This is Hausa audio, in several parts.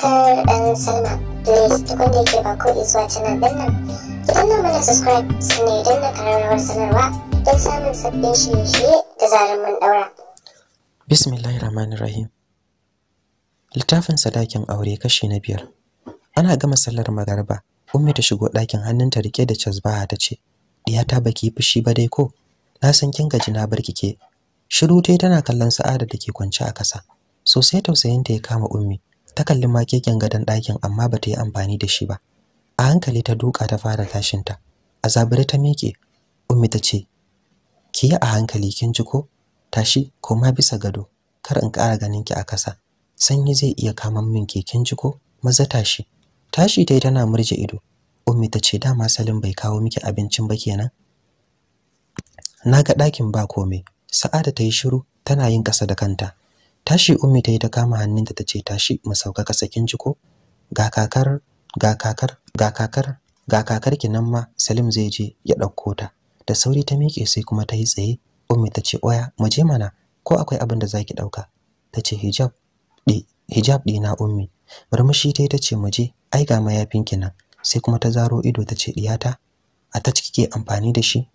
subscribe and sign up. Please tukunde ke ba ko zuwa canal din nan. Ki danna mana subscribe sannan idan na karar sanarwa don samun sabbin shirye-shirye da zarar mun daura. Bismillahirrahmanirrahim. Littafin sadakin aure kashi na biyar. Ana gama sallar magarba, Ummi ta shigo ɗakin hannunta rike da Chazbaha ta ce, "Diyata baki fushi ba dai ko? Na san kin gaji na bar kike." Shiru tana kallon Sa'ada da ke kwance a ƙasa. Sosai tausayinta ya kama Ummi, ta kalli makeken gadon ɗakin amma ba ta yi amfani da shi ba a hankali ta duka ta fara tashinta a zabire ta miƙe ummi ta ce ki yi a hankali kin ji ko tashi ko ma bisa gado kar in ƙara ganin ki a kasa sanyi zai iya kaman min ke kin ji ko maza tashi tashi ta yi tana murje ido ummi ta ce dama salim bai kawo miki abincin ba kenan na ga ɗakin ba komai sa'ada ta yi shiru tana yin ƙasa da kanta tashi ummi ta yi ta kama hannunta ta ce tashi mu sauka ka sakin jiko ga kakar ga kakar ga kakar ga kakar ki nan ma Salim zai je ya ɗauko ta da sauri ta miƙe sai kuma ta yi tsaye ummi ta ce oya mu je mana ko akwai abin da zaki ɗauka ta ce hijab ɗi hijab na ummi murmushi ta yi ta ce mu je ai ga mayafin ki nan sai kuma ta zaro ido ta ce diyata a ta ciki amfani da shi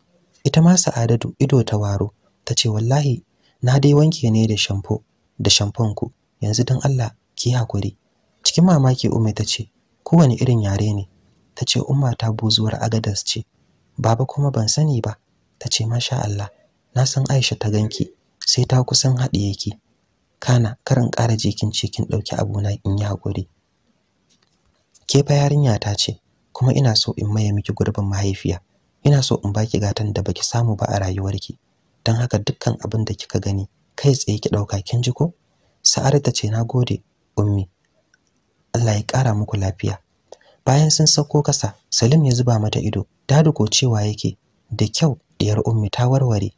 ita ma sa'adatu ido ta waro ta ce wallahi na dai wanke ne da shamfo da shamfon ku yanzu dan Allah ki hakuri cikin mamaki umai ta ce kowane irin yare ne ta ce umma ta buzuwar agadas ce baba kuma ban sani ba ta ce masha Allah na san Aisha ta ganki sai ta kusan haɗiye ki kana karin ƙara jikin kin ɗauki abuna in yi hakuri ke fa yarinya ta ce kuma ina so in maye miki gurbin mahaifiya ina so in baki gatan da baki samu ba a rayuwarki don haka dukkan abin da kika gani kai tsaye ki dauka kin ji ko sa'ar ta ce nagode ummi Allah ya kara muku lafiya bayan sun sauko kasa Salim ya zuba mata ido dadu ko cewa yake da kyau diyar ummi ta warware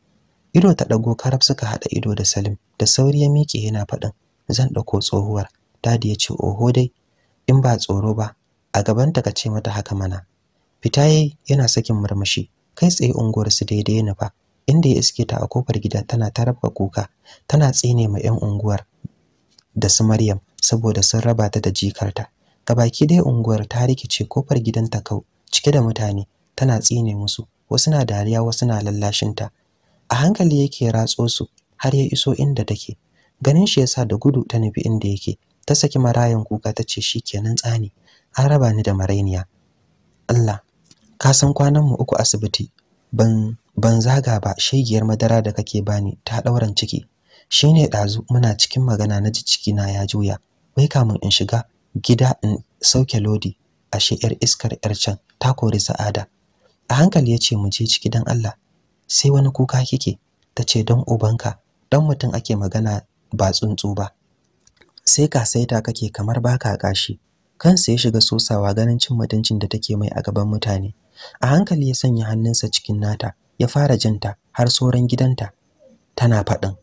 ido ta dago karab suka hada ido da Salim da sauri ya miƙe yana faɗin zan dauko tsohuwar dadi ya ce oho dai in ba tsoro ba a gabanta ka ce mata haka mana fita yana sakin murmushi kai tsaye unguwar su daidai ne fa inda ya iske ta a kofar gida tana ta rabka kuka tana tsine ma 'yan unguwar da su Maryam saboda sun raba ta da jikarta baki dai unguwar ta rikice kofar gidanta kau cike da mutane tana tsine musu wasu na dariya wasu na lallashinta a hankali yake ratso su har ya iso inda take ganin shi yasa da gudu ta nufi inda yake ta saki marayan kuka ta ce shi shikenan tsani an raba ni da marainiya Allah ka san kwanan mu uku asibiti ban ban zaga ba shegiyar madara da kake bani ta ɗauran ciki shine ɗazu muna cikin magana na ji ciki na ya juya wai kamun in shiga gida in sauke lodi ashe yar iskar yar can ta kori sa'ada a hankali yace ce mu je ciki dan Allah sai wani kuka kike tace ce don ubanka dan mutum ake magana ba tsuntsu ba sai ka saita kake kamar baka kashi kansa ya shiga sosawa ganin cin mutuncin da take mai a gaban mutane a hankali ya sanya hannunsa cikin nata ya fara jinta har sauran gidanta tana faɗin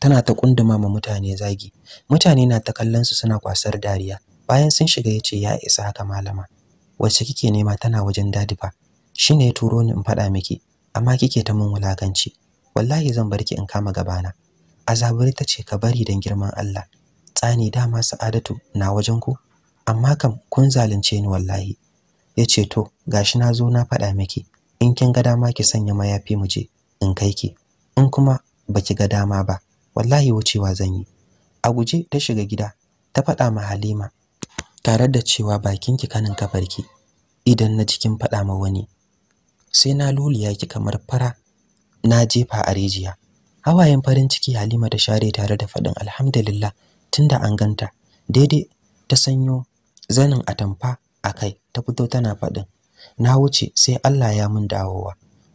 tana ta kunduma ma mutane zagi mutane na ta kallon su suna kwasar dariya bayan sun shiga yace ya isa haka malama wacce kike nema tana wajen dadi fa shine ya turo ni in faɗa miki amma kike ta mun wulakanci wallahi zan barki in kama gabana azabari ta ce ka bari dan girman Allah tsani dama sa'adatu na wajen ku amma kam kun zalunce ni wallahi yace to gashi na zo na faɗa miki in kin ga dama ki sanya mayafi mu je in kai ki in kuma baki ga dama ba wallahi wucewa zan yi a guje ta shiga gida ta faɗa ma Halima tare da cewa bakinki kanin kafarki idan na cikin faɗa ma wani sai na luliya ki kamar fara na jefa a rijiya hawayen farin ciki Halima da share tare da faɗin alhamdulillah tunda an ganta daidai ta sanyo zanin atamfa a kai ta fito tana faɗin na wuce sai Allah ya mun dawowa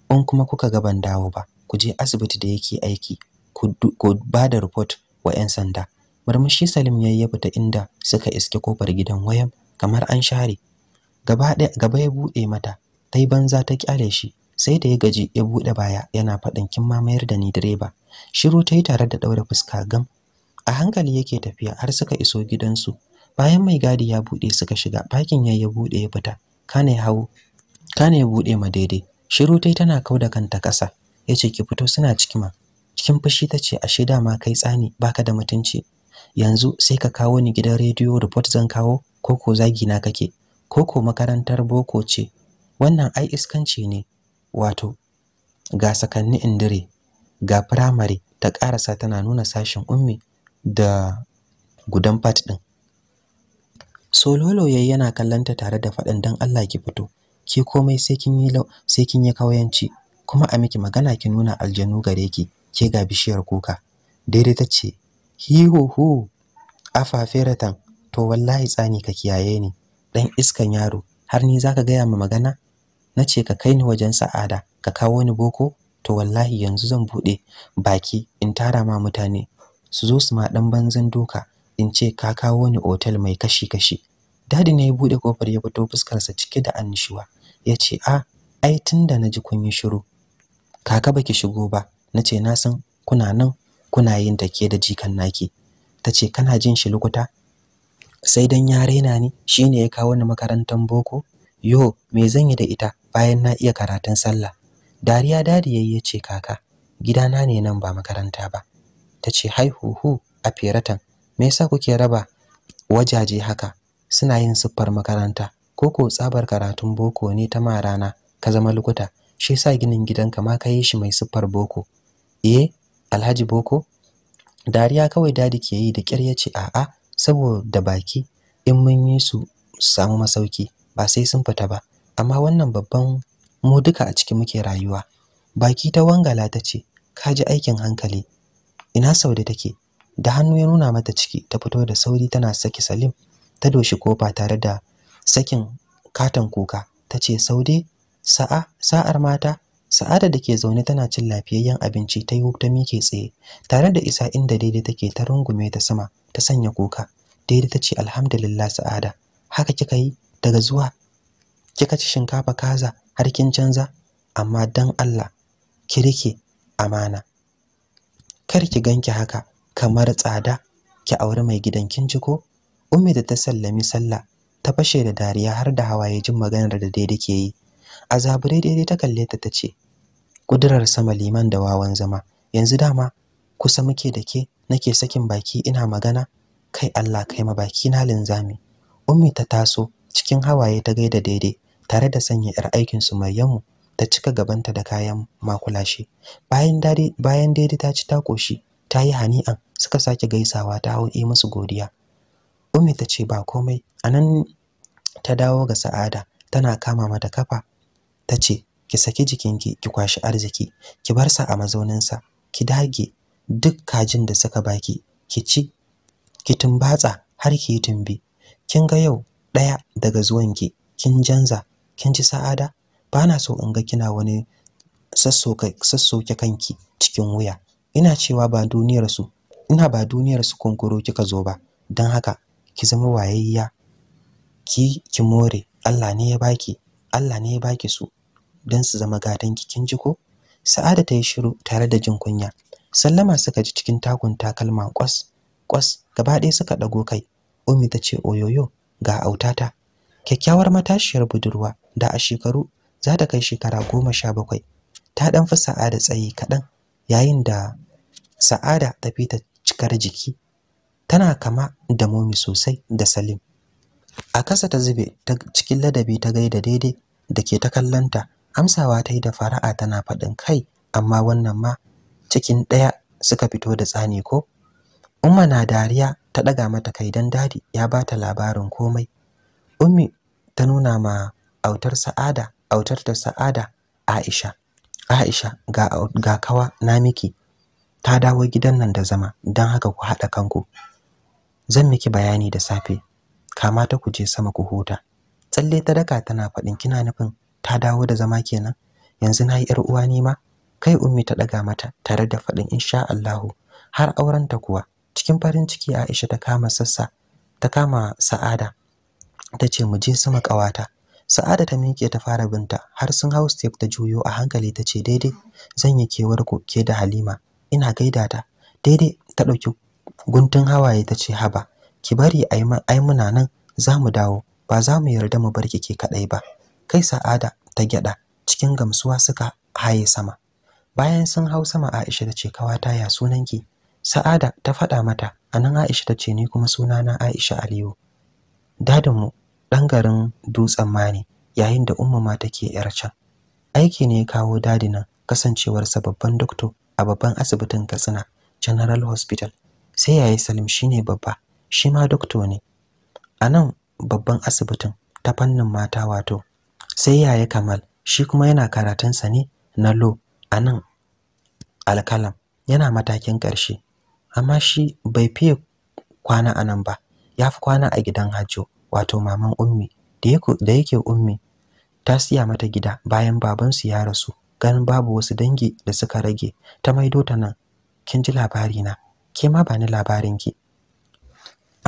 in kuma kuka ga ban dawo ba ku je asibiti da yake aiki ku ba da report wa 'yan sanda murmushi Salim yayi ya fita inda suka iske kofar gidan wayan kamar an share gaba ya buɗe mata tai banza ta kyale shi sai da ya gaji ya buɗe baya yana faɗin kin ma mayar da ni direba shiru ta yi tare da ɗaure fuska gam a hankali yake tafiya har suka iso gidansu bayan mai gadi ya buɗe suka shiga bakin yayi ya buɗe ya fita kana ya hau. Kane ya bude ma daidai. Shiru tai tana kau da kanta kasa, yace ki fito suna cikima. Cikin fushi ta ce ashe dama kai tsani baka da mutunci. Yanzu sai ka kawo ni gidan rediyo report zan kawo ko ko zagi na kake. Ko ko makarantar boko ce. Wannan ai iskanci ne. Wato ga sakanni indire ga firamare ta karasa tana nuna sashin ummi da gudan fat ɗin. Sololo yayi yana kallanta tare da faɗin dan Allah ki fito. ke komai sai kin yi lau sai kin yi kauyanci kuma a miki magana ki nuna aljanu gare ki ke ga bishiyar kuka daidai ta ce hiho ho feratan, to wallahi tsani ka kiyaye ni dan iskan yaro har ni zaka gaya ma magana na ce ka kai ni wajen sa'ada ka kawo ni boko to wallahi yanzu zan bude baki in tara ma mutane su zo su ma dan banzan doka in ce ka kawo ni otel mai kashi kashi dadi ne ya bude kofar ya fito fuskarsa cike da annishuwa ya ce a ah, ai tun da na ji kun yi shiru kaka baki shigo ba na ce na san kuna nan kuna yin take da jikan naki ta ce kana jin shi lukuta sai dan ya raina ni ne ya kawo ni makarantar boko yo me zan yi da ita bayan na iya karatun sallah dariya dadi yayi ce kaka gidana ne nan ba makaranta ba tace hai huhu a feratan me yasa kuke raba wajaje haka suna yin siffar makaranta ko ko tsabar karatun boko ne ta ma rana, ka zama lukuta shi yasa ginin gidanka ma ka yi shi mai siffar boko eh alhaji boko dariya kawai dadi ke yi da kyar yace a'a saboda baki in mun yi su samu masauki ba sai sun fita ba amma wannan babban mu duka a ciki muke rayuwa baki ta wangala ta ce ka ji aikin hankali ina saude take da hannu ya nuna mata ciki ta fito da sauri tana saki salim ta doshi kofa tare da sakin katon kuka ta ce saude sa'a sa'ar mata sa'ada da ke zaune tana cin lafiyayyen abinci ta yi ta mike tsaye tare da isa inda daidai take ta rungume ta sama ta sanya kuka daidai ta ce alhamdulillah sa'ada haka kika yi daga zuwa kika ci shinkafa kaza har kin canza amma dan Allah ki rike amana kar ki ganki haka kamar tsada ki auri mai gidan kin ji ko ummi da ta sallami sallah ta fashe da dariya har da hawaye jin maganar da daidai ke yi a zabure daidai ta kalle ta tace kudurar sama liman da wawan zama yanzu dama kusa muke da ke nake sakin baki ina magana kai Allah kai ma baki na linzami ummi ta taso cikin hawaye ta gaida daidai tare da sanya yar aikin su Maryamu ta cika gabanta da kayan makulashe bayan dare bayan daidai ta ci ta koshi ta yi hani'an suka sake gaisawa ta hau yi musu godiya Umi ta ce ba komai. A nan ta dawo ga Sa'ada tana kama mata kafa ta ce ki saki jikinki ki kwashi arziki ki bar sa a mazauninsa ki dage duk kajin da suka baki ki ci ki tumbatsa har ki tumbi kin ga yau ɗaya daga zuwanki kin janza kin ji sa'ada Ba na so in ga kina wani sassoke kanki cikin wuya ina cewa ba duniyar su ina ba duniyarsu kunkuro kika zo ba don haka ki zama wayayya ki ki more Allah ne ya baki Allah ne ya baki su don su zama gadan ki kin ji ko Sa'ada ta yi shiru tare da jin kunya sallama suka ji cikin takun takalma kwas kwas gaba ɗaya suka ɗago kai Ummi ta ce oyoyo ga autata kyakkyawar matashiyar budurwa da a shekaru za ta kai shekara goma sha bakwai ta ɗan fi sa'ada tsayi kaɗan yayin da sa'ada ta fita cikar jiki tana kama da momi sosai da Salim a kasa ta zube ta cikin ladabi ta gaida daidai da ke ta kallanta amsawa ta yi da fara'a tana faɗin kai amma wannan ma cikin ɗaya suka fito da tsani ko umma na dariya ta ɗaga mata kai don dadi ya ba ta labarin komai ummi ta nuna ma autar sa'ada autar ta sa'ada aisha aisha ga, ga kawa na miki ta dawo gidan nan da zama don haka ku haɗa kanku zan miki bayani da safe Kamata ku je sama ku huta tsalle ta daka tana faɗin kina nufin ta dawo da zama kenan yanzu na yi yar uwa ni ma kai ummi ta ɗaga mata tare da faɗin insha Allahu har aurenta kuwa cikin farin ciki Aisha ta kama sassa ta kama Sa'ada ta ce mu je sama ƙawata. Sa'ada ta miƙe ta fara binta har sun hau step ta juyo a hankali ta ce daidai zan yi kewar ku ke da Halima ina gaida ta daidai ta ɗauki guntun hawaye ta ce haba ki bari ai muna nan za mu dawo ba za mu yarda mu bar ki kaɗai ba kai sa'ada ta gyada cikin gamsuwa suka haye sama bayan sun hau sama aisha ta ce kawata ya sunan ki? sa'ada ta faɗa mata anan aisha ta ce ni kuma sunana aisha aliyu Dadin mu ɗan garin dutsen mani yayin da umma ma take yar can aiki ne kawo dadinan kasancewarsa babban dokto a babban asibitin katsina general hospital sai yayi Salim shine babba shi ma doctor ne Anan babban asibitin ta fannin mata wato sai yaya Kamal shi kuma yana karatun sa ne na law a nan alkalam yana matakin ƙarshe amma shi bai fiye kwana anan ba ya fi kwana a gidan Hajjo wato maman Ummi da yake Ummi ta siya mata gida bayan babansu ya rasu ganin babu wasu dangi da suka rage ta maido ta nan kin ji labari na ke ma ki. labarinki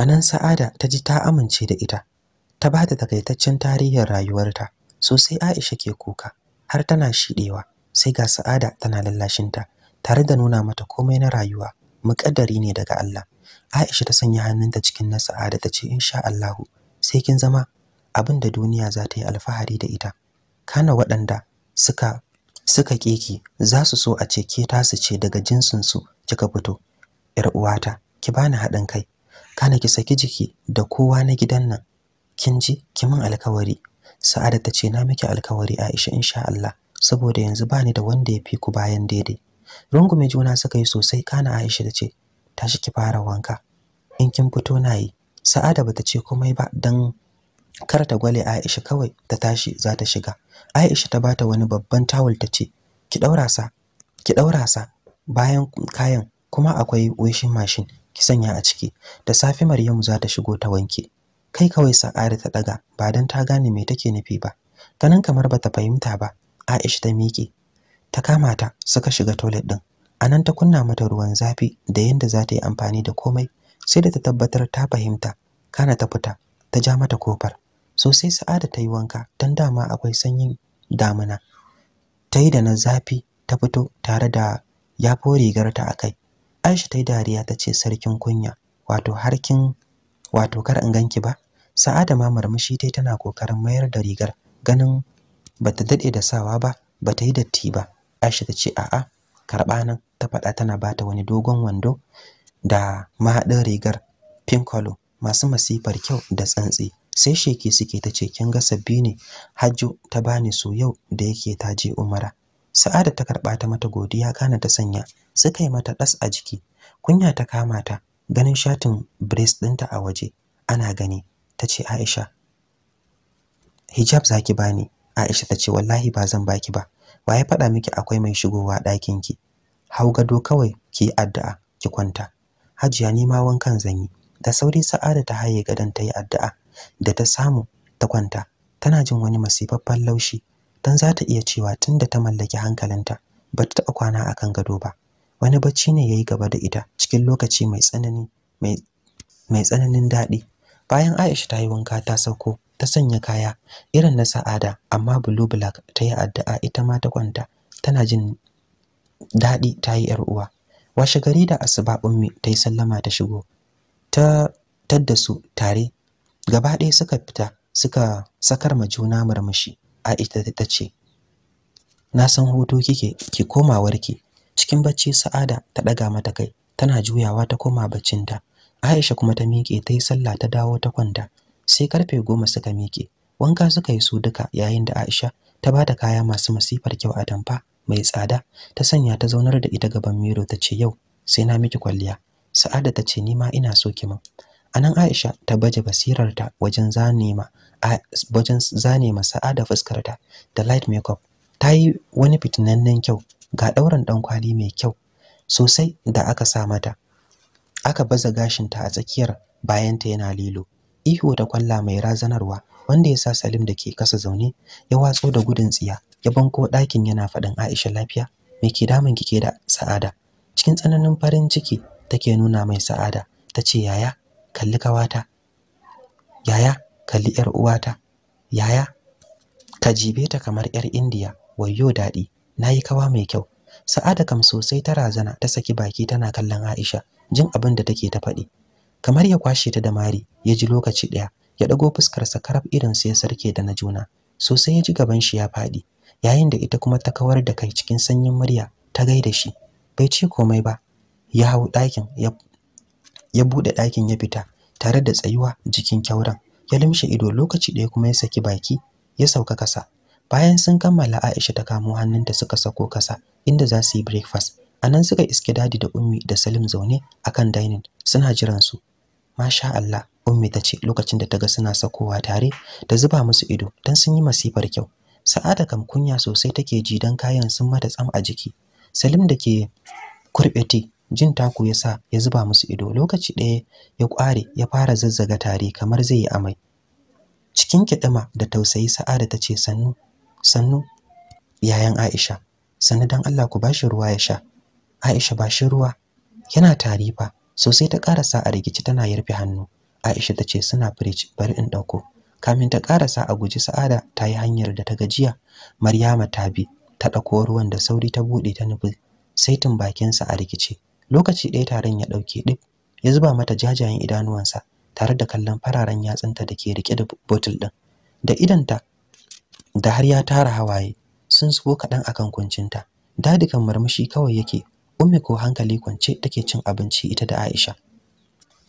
nan, sa'ada ta ji ta amince da ita ta ba da takaitaccen tarihin rayuwarta sosai Aisha ke kuka har tana shidewa sai ga sa'ada tana lallashinta tare da nuna mata komai na rayuwa muƙaddari ne daga Allah Aisha ta sanya hannunta cikin na sa'ada ta ce insha Allah sai kin zama abin da duniya za ta yi alfahari da ita kana waɗanda suka suka keke za su so a ce ke tasu ce daga jinsinsu kika fito 'yar uwata ki bani haɗin kai kana ki saki jiki da kowa na gidan nan kin ji ki min alkawari sa'ada ta ce na miki alkawari Aisha insha Allah saboda yanzu bani da wanda ya fi ku bayan daidai rungume juna suka yi sosai kana Aisha ta ce tashi ki fara wanka in kin fito nayi sa'ada bata ce komai ba dan kar ta gwale Aisha kawai ta tashi za ta shiga Aisha ta bata wani babban tawul ta ce ki daura sa ki daura sa bayan kayan kuma akwai washing machine ki sanya a ciki da safe Maryamu za ta shigo ta wanke kai kawai Sa'ari ta daga ba dan ta gane me take nufi ba ganin kamar bata fahimta ba Aisha ta miƙe ta kama ta suka shiga toilet din anan ta kunna mata ruwan zafi da yanda za ta yi amfani da komai sai da ta tabbatar ta fahimta kana ta fita ta ja mata kofar so sai Sa'ada ta yi wanka dan dama akwai sanyin damuna ta yi da na zafi ta fito tare da yafo rigarta a kai Aisha ta yi dariya ta ce sarkin kunya, wato harkin wato kar in ganki ba. Sa'ada ma murmushi ta tana kokarin mayar da rigar ganin bata dade da sawa ba, bata yi datti ba. Aisha ta ce a'a, karba nan ta faɗa tana bata wani dogon wando da mahadin rigar pink color masu masifar kyau da tsantsi. Sai sheke suke ta ce kin ga sabbi ne. Hajjo ta bani su yau da yake ta je Umara. Sa'ada ta karɓa ta mata godiya kana ta sanya suka yi mata ɗas a jiki. Kunya ta kama ta ganin shatin breast ɗinta a waje ana gani ta ce Aisha hijab zaki bani Aisha ta ce wallahi ba zan baki ba wa ya faɗa miki akwai mai shigowa ɗakin ki hau gado kawai ki addu'a ki kwanta Hajiya ni ma wankan zan yi da sauri Sa'ada ta haye gadon ta yi addu'a da ta samu ta kwanta tana jin wani masifaffen laushi dan za ta iya cewa tunda ta mallaki hankalinta ba ta taba kwana a kan gado ba wani bacci ne yayi gaba da ita cikin lokaci mai tsanani mai tsananin daɗi bayan Aisha ta yi wanka ta sauko ta sanya kaya irin na Sa'ada amma blue black ta yi addu'a ita ma ta kwanta tana jin daɗi ta yi ‘yar uwa washe gari da asuba ummi ta yi sallama ta shigo ta tadda su tare gaba ɗaya suka fita suka sakar ma juna murmushi Aisha ta ce na san hoto kike ki koma warki cikin bacci Sa'ada ta daga mata kai tana juyawa ta koma baccinta Aisha kuma ta miƙe ta yi sallah ta dawo ta kwanta sai karfe goma suka miƙe wanka suka yi su duka yayin da Aisha ta ba ta kaya masu masifar kyau a tamfa mai tsada ta sanya ta zaunar da ita gaban miro ta ce yau sai na miki kwalliya Sa'ada ta ce ni ma ina so ki min anan Aisha ta baje basirarta wajen ma wajen zane ma da fuskarta da light makeup ta yi wani fitinannen kyau ga ɗaurin kwali mai kyau sosai da aka sa mata aka baza gashinta a tsakiyar bayanta yana lilo ihu da kwalla mai razanarwa wanda ya sa Salim da ke kasa zaune ya watso da gudun tsiya ya banko ɗakin yana faɗin Aisha lafiya me ke damun ke da Sa'ada cikin tsananin farin ciki take nuna mai Sa'ada tace yaya kalli kawata yaya kalli yar uwata yaya ka jibe ta kamar yar indiya wayyo dadi nayi kawa mai kyau sa'ada kam sosai ta razana ta saki baki tana kallon aisha jin abin da take ta faɗi kamar ya kwashe ta da mari ya ji lokaci ɗaya ya ɗago sa karab irin sai sarke da na juna sosai ya ji gaban shi ya faɗi yayin da ita kuma ta kawar da kai cikin sanyin murya ta gaida shi bai ce komai ba ya hau ɗakin ya ya bude ɗakin ya fita tare da tsayuwa jikin kyauran ya limshe ido lokaci ɗaya kuma ya saki baki ya sauka kasa bayan sun kammala Aisha ta kamo hannunta suka sako kasa inda za su yi breakfast A nan suka iske dadi da ummi da Salim zaune a kan dining suna jiran su masha Allah ummi ta ce lokacin da ta ga suna sakowa tare ta zuba musu ido don sun yi masifar kyau Sa'ada kam kunya sosai take ji don kayan sun mata tsam a jiki Salim da ke kurɓe tea jin taku ya sa ya zuba musu ido lokaci ɗaya ya ƙware ya fara zazzaga tare kamar zai yi amai cikin kiɗima da tausayi sa'ada ta ce sannu sannu yayan aisha sannu don allah ku bashi ruwa ya sha aisha ba shi ruwa yana tari fa sosai ta ƙarasa a rikici tana yarfe hannu aisha ta ce suna firij bari in ɗauko kamin ta ƙarasa a guji sa'ada ta yi hanyar da ta gajiya maryama ta bi ta ɗauko ruwan da sauri ta buɗe ta nufi saitin bakinsa a rikice lokaci ɗaya taron ya ɗauke ɗin ya zuba mata jajayen idanuwansa tare da kallon fararen yatsunta da ke rike da botul ɗin da idanta da har ya tara hawaye sun so kaɗan akan kuncinta dadikan marmashi kawai yake ummi ko hankali kwance take cin abinci ita da aisha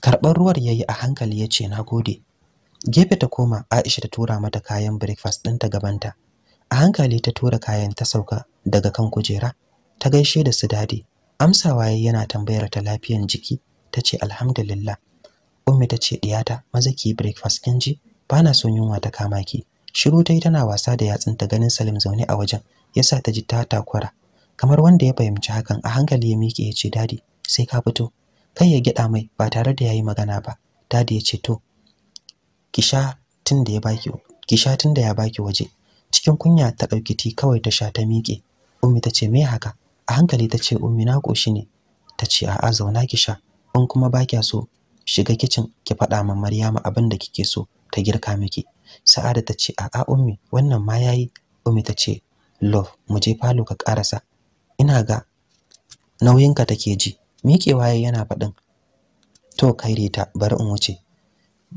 karɓar ruwar yayi a hankali ya ce na gode gefe ta koma aisha ta tura mata kayan breakfast ɗin ta gabanta a hankali ta tura kayan ta sauka daga kan kujera ta gaishe da su dadi amsawa yayi yana tambayar ta lafiyan jiki tace alhamdulillah ummi tace diyata maza ki breakfast kin ji bana son yunwa ta kama ki shiru tayi tana wasa da ta ganin Salim zaune a wajen yasa ta ji ta takura kamar wanda ya fahimci hakan a hankali ya miƙe ya ce dadi sai ka fito kai ya gida mai ba tare da yayi magana ba dadi ya ce to kisha tun da ya baki kisha tun da ya baki waje cikin kunya ta dauki ti kawai ta sha ta miƙe ummi tace ce me haka a hankali ta ce ummi na koshi ne ta ce a'a zauna ki sha in kuma ba kya so shiga kicin ki faɗa ma Maryama abin da kike so ta girka miki Sa'ada ta ce a'a ummi wannan ma yayi ummi ta ce love mu je falo ka karasa ina ga nauyinka take ji miƙewa yana faɗin to kai rita bar in wuce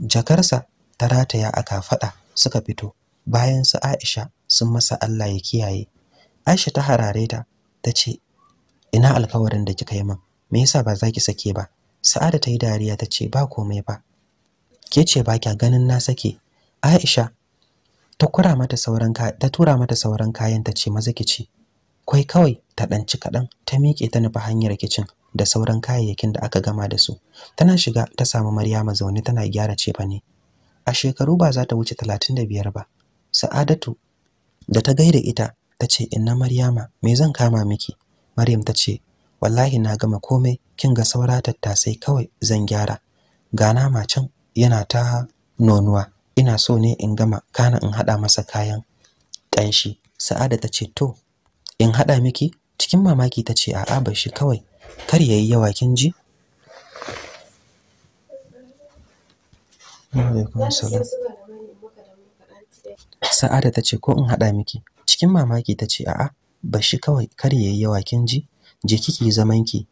jakarsa ta rataya aka kafaɗa suka fito bayan su Aisha sun masa Allah ya kiyaye Aisha ta harare ta ta ce ina alkawarin da kika yi min me yasa ba za ki sake ba sa'ada ta yi dariya ta ce ba komai ba ke ce ba kya ganin na sake aisha ta kura mata sauran ta tura mata sauran kayan ta ce maza ki ci. kwai kawai ta ɗanci kaɗan ta miƙe ta nufi hanyar kicin da sauran kayayyakin da aka gama da su tana shiga ta samu maryama zaune tana gyara ne. a shekaru ba za ta wuce 35 ba sa'adatu da ta gaida ita ta ce inna Maryama me zan kama miki Maryam ta ce wallahi na gama komai kin ga saura tattasai kawai zan gyara gana nama yana ta nonuwa ina so ne in gama kana in hada masa kayan kanshi Sa'ada ta ce to in hada miki cikin mamaki ta ce a'a shi kawai kar yayi yawa kin ji Sa'ada ta ce ko in hada miki cikin mamaki ta ce a'a bashi kawai kar yayi yawa kin ji je kiki zaman ki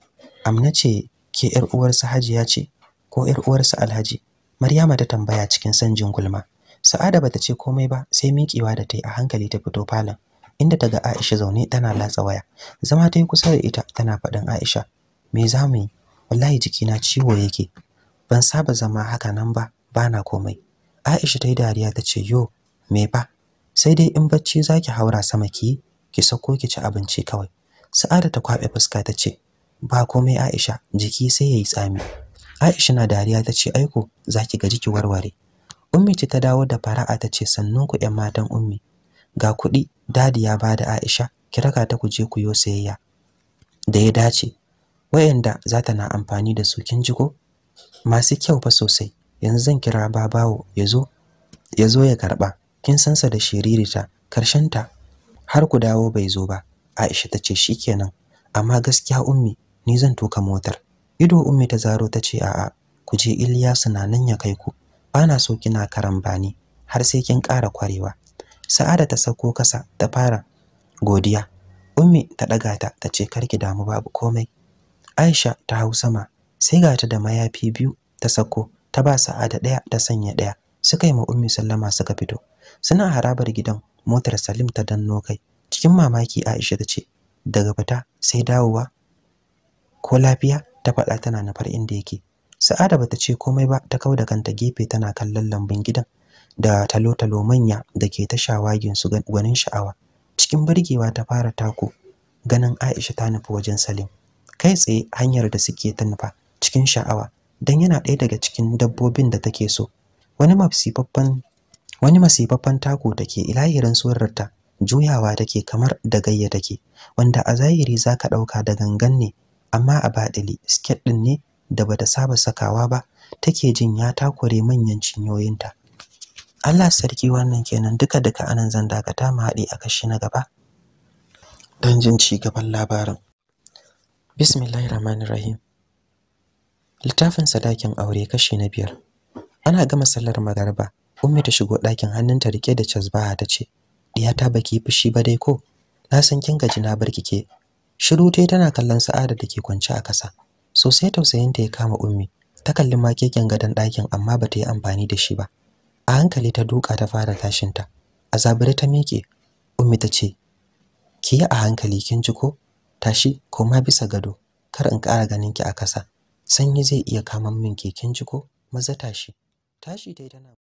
amna ce ke yar uwarsa hajiya ce ko yar uwarsa alhaji maryama ta tambaya cikin san jin gulma sa'ada bata ce komai ba sai miƙewa da ta yi a hankali ta fito falon inda ta ga aisha zaune tana latsa waya zama ta yi kusa da ita tana faɗin aisha me za mu yi wallahi jikina ciwo yake ban saba zama haka nan ba bana komai aisha ta yi dariya ta ce yo me ba sai dai in bacci zaki haura sama ki ki sako ki ci abinci kawai sa'ada ta kwabe fuska ta ce ba komai Aisha jiki sai yayi tsami Aisha na dariya ta ce aiko zaki gaji ki warware Ummi ce ta dawo da fara'a ta ce sannu ku ƴan matan Ummi ga kuɗi dadi ya bada Aisha ki raka ta ku je ku yo sayayya da ya dace wayanda za ta na amfani da su kin ji ko masu kyau fa sosai yanzu zan kira babawo ya zo ya karba kin san sa da shiririta karshen ta har ku dawo bai zo ba Aisha tace shikenan amma gaskiya ummi ni zan tuka motar ido ummi ta zaro tace a'a ku je Ilyas na nan ya kai ku bana so kina karambani har sai kin ƙara kwarewa Sa'ada ta sako kasa ta fara godiya ummi ta daga ta tace karki damu babu komai Aisha ta hau sama sai ga ta da mayafi biyu ta sako ta ba Sa'ada daya ta sanya daya suka yi ma ummi sallama suka fito suna harabar gidan motar Salim ta danno kai cikin mamaki Aisha ta ce daga fita sai dawowa ko lafiya ta faɗa tana na nufar inda yake Sa'ada bata ce komai ba ta kauda kanta gefe tana kallon lambun gidan da talo-talo manya da ke ta shawagin su gwanin sha'awa cikin burgewa ta fara tako ganin Aisha ta nufi wajen Salim kai tsaye hanyar da suke ta nufa cikin sha'awa dan yana ɗaya daga cikin dabbobin da take so wani babban wani masifaffen tako take ilahirin surarta juyawa take kamar da gayya take wanda a zahiri zaka ɗauka da gangan ne amma a badili sket ɗin ne da bata saba sakawa ba take jin ya takure manyan cinyoyinta Allah sarki wannan kenan duka duka anan zan dakata mu haɗe a kashi na gaba dan jin ci gaban labarin Bismillahi Rahmanir Rahim Littafin sadakin aure kashi na biyar ana gama sallar magarba Ummi ta shigo ɗakin hannunta rike da casbaha ta ce, "Diyata baki fushi ba dai ko? Na san kin gaji na barki ke." Shiru tai tana kallon Sa'ada da ke kwance a kasa. Sosai tausayinta ya kama Ummi. Ta kalli ma keken gadon ɗakin amma ba ta yi amfani da shi ba. A hankali ta duka ta fara tashinta. A zabire ta miƙe. Ummi ta ce, "Ki yi a hankali kin ji ko? Tashi koma bisa gado. Kar in ƙara ganin ki a kasa. Sanyi zai iya kama min ke kin ji ko? Maza tashi." Tashi tai tana